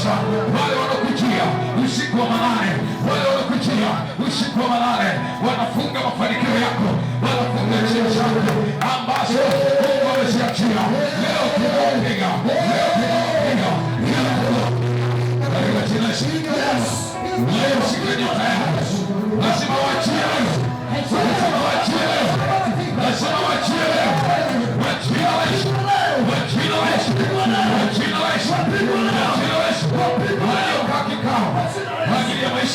kuonyesha wale wanakujia usiku wa manane, wale wanakujia usiku wa manane wanafunga mafanikio yako, wanafunga njia zako ambazo Mungu ameziachia. Leo tunawapiga, leo tunawapiga, katika jina la Yesu. Leo siku ni tayari, lazima waachie leo, lazima waachie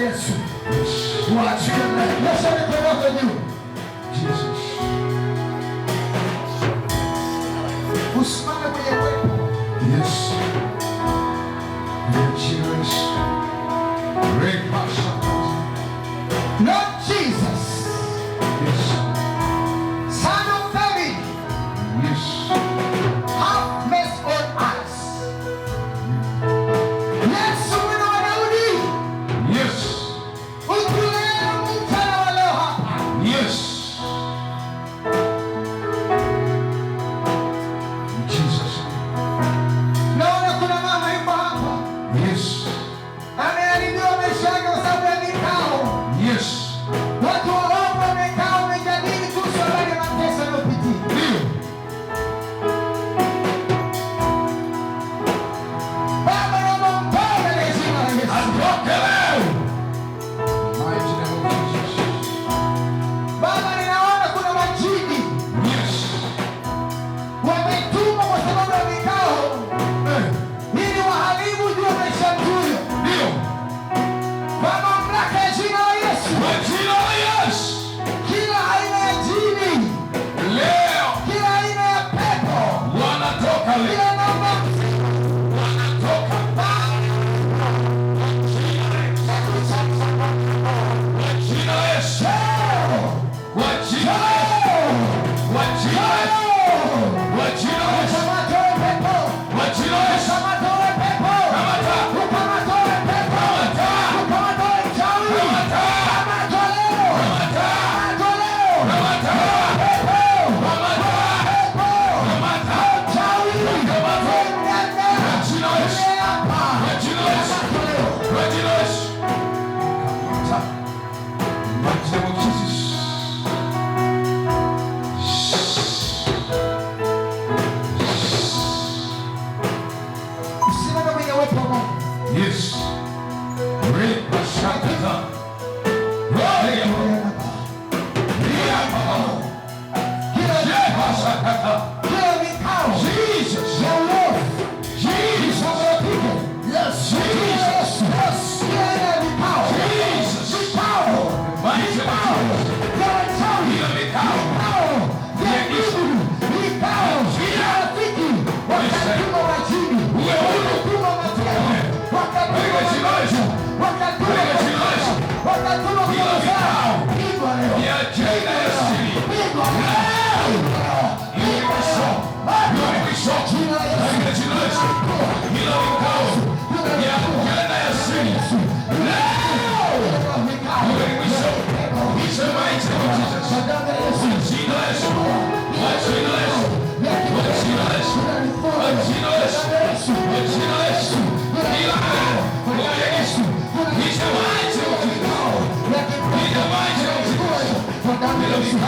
Yesu, tuachilie. Nyosha mikono yako juu.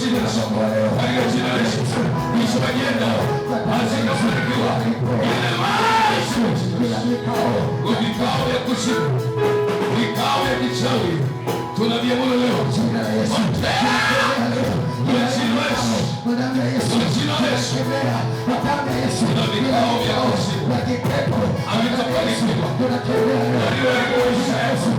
jina la Yesu, katika jina la Yesu, Yesu ajenda hazitafanikiwa. Ina Yesu, vikao vya kuzimu, vikao vya kichawi tunaviamuru leo kwa jina la Yesu, kwa jina la Yesu, na vikao vya kuzimu havitafanikiwa. Yesu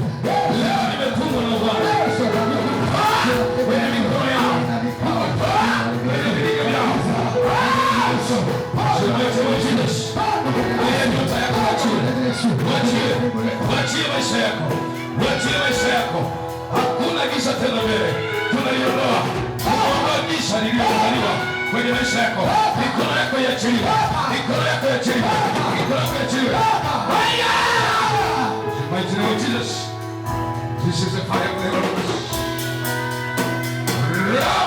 maisha tena mbele, kwenye maisha yako, mikono yako iachiliwe, mikono yako iachiliwe, mikono yako iachiliwe. name of Jesus, this is the fire of the Holy Ghost.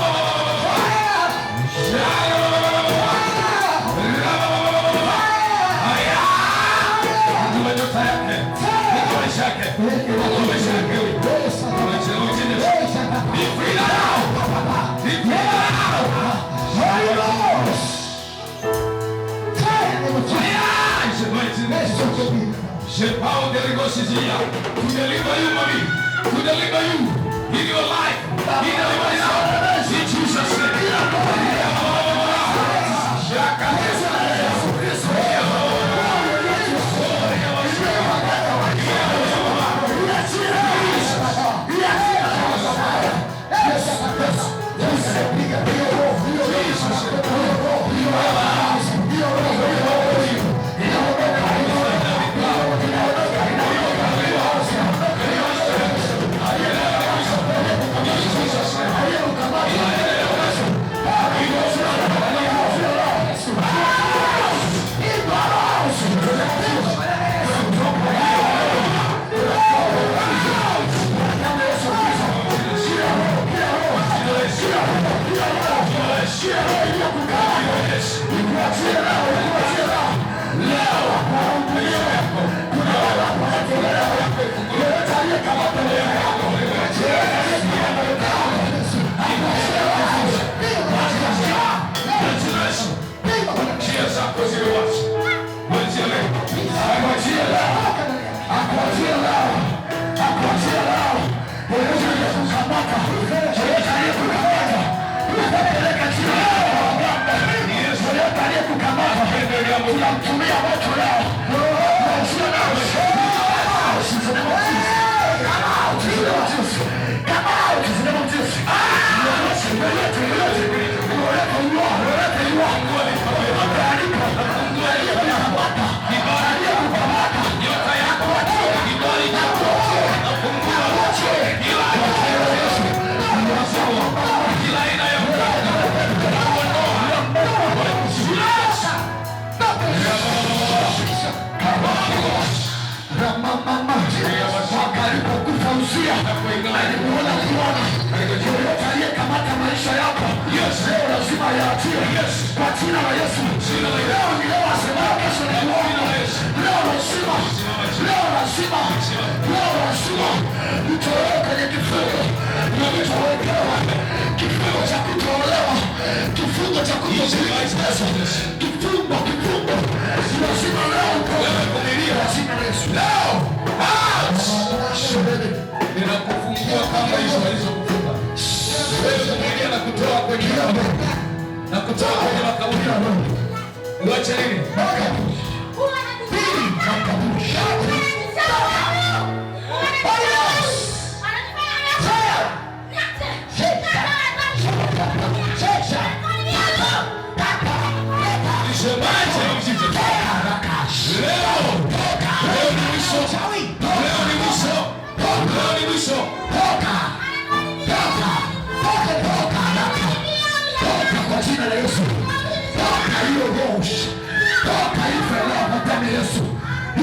Shepao Derigos is here to deliver you money, to deliver you, heal your life, he delivers you in Jesus' name. aliyekukamata tunamtumia moto leo Come out! mpya. Na nimeona Bwana yeyote aliyekamata maisha yako leo lazima yaachie kwa jina la Yesu. Leo ni leo asemao, kesho ni kuona. Leo lazima, leo lazima, leo lazima utolewe kwenye kifungo ulichowekewa, kifungo cha kutolewa, kifungo cha kutokulipa pesa na kutoka kwenye makaburi. Uache nini?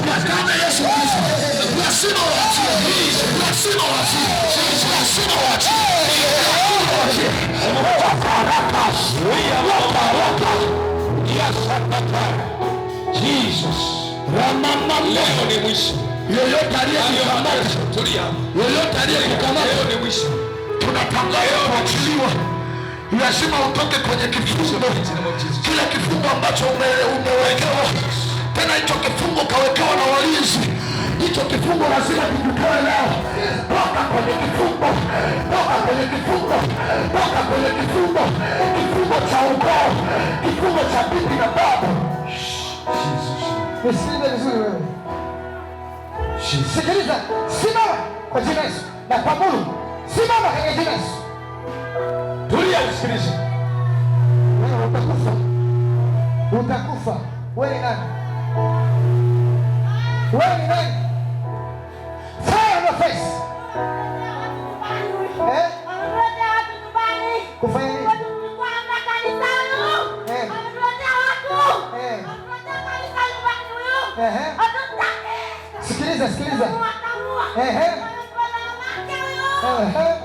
Lakana Yesu Kristo, lazima waachie, lazima waachie, lazima waachie, leo ni mwisho. Yoyote aliyekukamata, Yoyote aliyekukamata, leo ni mwisho. Tunatangaza kuachiliwa. Lazima utoke kwenye kifungo, kile kifungo ambacho umewekewa tena hicho kifungo kawekewa na walinzi. Hicho kifungo lazima kikutoe leo. Toka kwenye kifungo, toka kwenye kifungo, toka kwenye kifungo, kifungo cha ukoo, kifungo cha bibi na babu. Nisikilize vizuri wewe, sikiliza. Simama kwa jina Yesu na kwamuru, simama kwa jina Yesu. Tulia usikilize, wewe utakufa, utakufa. Wewe nani? Wewe ni nani? Eh? Eh eh. eh, eh. eh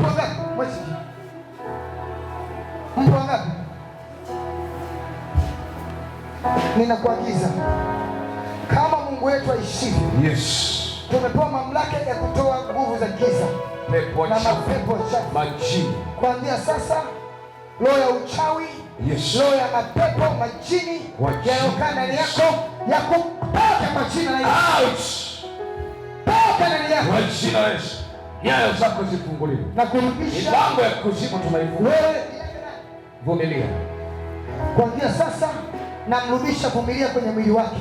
Mpo wangapi? Mwesiki. Mpo wangapi? Ninakuagiza kama Mungu wetu aishivyo. Yes. Tumepewa mamlaka ya kutoa nguvu za giza na mapepo chafu. Kuanzia sasa roho ya uchawi, yes. Roho ya mapepo, majini yanayokaa ndani yako yakutoka kwa jina la Yesu. Toka ndani yako. Kwa jina la Yesu nyayo zako zifunguliwe na kurudisha ya kuzimu Wewe vumilia kuanzia sasa, namrudisha vumilia kwenye mwili wake,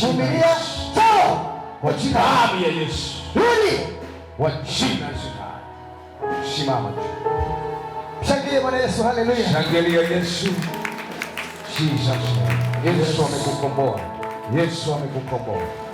vumilia toa kwa jina la Yesu, rudi kwa jina la Yesu. Simama, Bwana Yesu, haleluya! Shangilia Yesu. Jesus, Yesu amekukomboa, Yesu amekukomboa.